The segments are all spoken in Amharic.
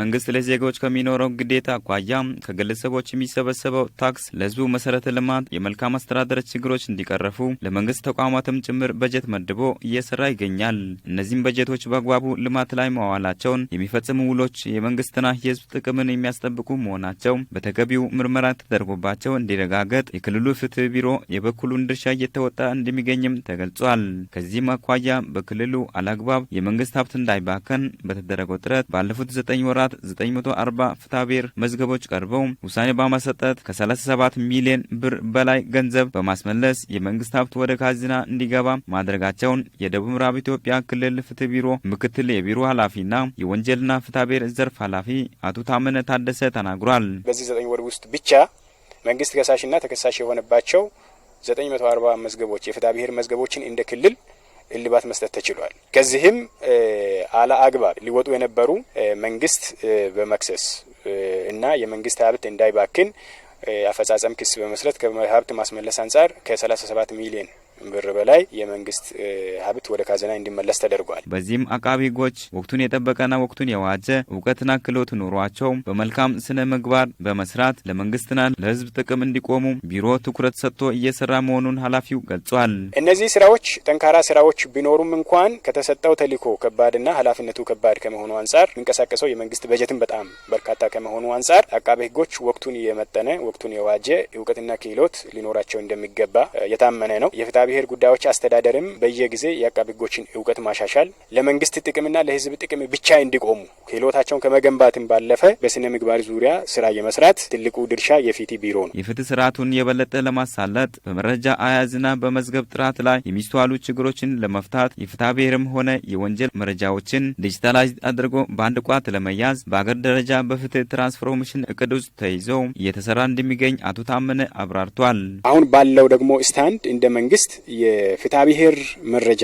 መንግስት ለዜጎች ከሚኖረው ግዴታ አኳያ ከግለሰቦች የሚሰበሰበው ታክስ ለህዝቡ መሰረተ ልማት፣ የመልካም አስተዳደር ችግሮች እንዲቀረፉ ለመንግስት ተቋማትም ጭምር በጀት መድቦ እየሰራ ይገኛል። እነዚህም በጀቶች በአግባቡ ልማት ላይ መዋላቸውን የሚፈጽሙ ውሎች የመንግስትና የህዝብ ጥቅምን የሚያስጠብቁ መሆናቸው በተገቢው ምርመራ ተደርጎባቸው እንዲረጋገጥ የክልሉ ፍትህ ቢሮ የበኩሉን ድርሻ እየተወጣ እንደሚገኝም ተገልጿል። ከዚህም አኳያ በክልሉ አላግባብ የመንግስት ሀብት እንዳይባከን በተደረገው ጥረት ባለፉት ዘጠኝ ወራት ሰዓት 940 ፍትሐብሔር መዝገቦች ቀርበው ውሳኔ በማሰጠት ከ37 ሚሊዮን ብር በላይ ገንዘብ በማስመለስ የመንግስት ሀብት ወደ ካዝና እንዲገባ ማድረጋቸውን የደቡብ ምዕራብ ኢትዮጵያ ክልል ፍትህ ቢሮ ምክትል የቢሮ ኃላፊና የወንጀልና ፍታብሔር ዘርፍ ኃላፊ አቶ ታመነ ታደሰ ተናግሯል። በዚህ ዘጠኝ ወር ውስጥ ብቻ መንግስት ከሳሽና ተከሳሽ የሆነባቸው 940 መዝገቦች ብሔር መዝገቦችን እንደ ክልል እልባት መስጠት ተችሏል። ከዚህም አለ አግባብ ሊወጡ የነበሩ መንግስት በመክሰስ እና የመንግስት ሀብት እንዳይባክን አፈጻጸም ክስ በመስረት ከሀብት ማስመለስ አንጻር ከ37 ሚሊዮን ብር በላይ የመንግስት ሀብት ወደ ካዝና እንዲመለስ ተደርጓል። በዚህም አቃቢ ህጎች ወቅቱን የጠበቀና ወቅቱን የዋጀ እውቀትና ክህሎት ኑሯቸው በመልካም ስነ ምግባር በመስራት ለመንግስትና ለህዝብ ጥቅም እንዲቆሙ ቢሮ ትኩረት ሰጥቶ እየሰራ መሆኑን ኃላፊው ገልጿል። እነዚህ ስራዎች ጠንካራ ስራዎች ቢኖሩም እንኳን ከተሰጠው ተልእኮ ከባድና ኃላፊነቱ ከባድ ከመሆኑ አንጻር የሚንቀሳቀሰው የመንግስት በጀትን በጣም በርካታ ከመሆኑ አንጻር አቃቢ ህጎች ወቅቱን የመጠነ ወቅቱን የዋጀ እውቀትና ክህሎት ሊኖራቸው እንደሚገባ የታመነ ነው። ብሔር ጉዳዮች አስተዳደርም በየጊዜ የአቃቢ ህጎችን እውቀት ማሻሻል ለመንግስት ጥቅምና ለህዝብ ጥቅም ብቻ እንዲቆሙ ክህሎታቸውን ከመገንባትም ባለፈ በስነ ምግባር ዙሪያ ስራ የመስራት ትልቁ ድርሻ የፊት ቢሮ ነው። የፍትህ ስርዓቱን የበለጠ ለማሳለጥ በመረጃ አያያዝና በመዝገብ ጥራት ላይ የሚስተዋሉ ችግሮችን ለመፍታት የፍትሐ ብሔርም ሆነ የወንጀል መረጃዎችን ዲጂታላይዝ አድርጎ በአንድ ቋት ለመያዝ በአገር ደረጃ በፍትህ ትራንስፎርሜሽን እቅድ ውስጥ ተይዘው እየተሰራ እንደሚገኝ አቶ ታመነ አብራርቷል። አሁን ባለው ደግሞ ስታንድ እንደ መንግስት የፍትሐብሔር መረጃ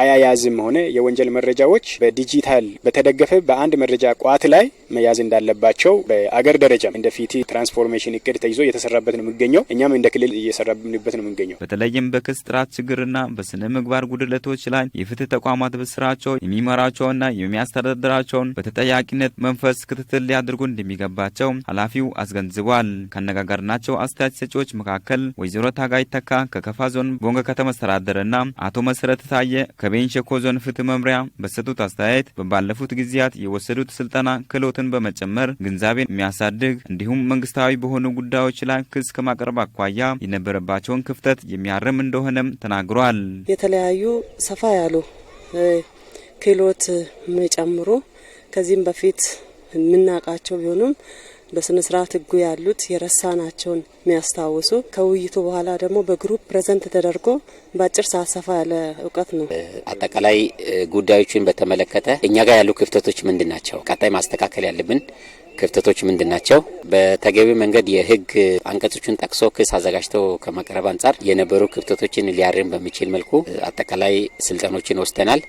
አያያዝም ሆነ የወንጀል መረጃዎች በዲጂታል በተደገፈ በአንድ መረጃ ቋት ላይ መያዝ እንዳለባቸው በአገር ደረጃ እንደ ፊቲ ትራንስፎርሜሽን እቅድ ተይዞ እየተሰራበት ነው የሚገኘው። እኛም እንደ ክልል እየሰራብንበት ነው የሚገኘው። በተለይም በክስ ጥራት ችግርና በስነ ምግባር ጉድለቶች ላይ የፍትህ ተቋማት በስራቸው የሚመራቸውና የሚያስተዳድራቸውን በተጠያቂነት መንፈስ ክትትል ሊያደርጉ እንደሚገባቸው ኃላፊው አስገንዝቧል። ካነጋገርናቸው አስተያየት ሰጪዎች መካከል ወይዘሮ ታጋይ ተካ ከከፋ ዞን ቦንገ ከተማ አስተዳደርና አቶ መሰረት ታየ ከቤንች ሸኮ ዞን ፍትህ መምሪያ በሰጡት አስተያየት ባለፉት ጊዜያት የወሰዱት ስልጠና ክህሎትን በመጨመር ግንዛቤን የሚያሳድግ እንዲሁም መንግስታዊ በሆኑ ጉዳዮች ላይ ክስ ከማቅረብ አኳያ የነበረባቸውን ክፍተት የሚያርም እንደሆነም ተናግሯል። የተለያዩ ሰፋ ያሉ ክህሎት የሚጨምሩ ከዚህም በፊት የምናውቃቸው ቢሆኑም በስነ ስርዓት ህጉ ያሉት የረሳ ናቸውን የሚያስታውሱ ከውይይቱ በኋላ ደግሞ በግሩፕ ፕሬዘንት ተደርጎ በአጭር ሰዓት ሰፋ ያለ እውቀት ነው። አጠቃላይ ጉዳዮችን በተመለከተ እኛ ጋር ያሉ ክፍተቶች ምንድን ናቸው? ቀጣይ ማስተካከል ያለብን ክፍተቶች ምንድን ናቸው? በተገቢ መንገድ የህግ አንቀጾቹን ጠቅሶ ክስ አዘጋጅተው ከማቅረብ አንጻር የነበሩ ክፍተቶችን ሊያርም በሚችል መልኩ አጠቃላይ ስልጠኖችን ወስደናል።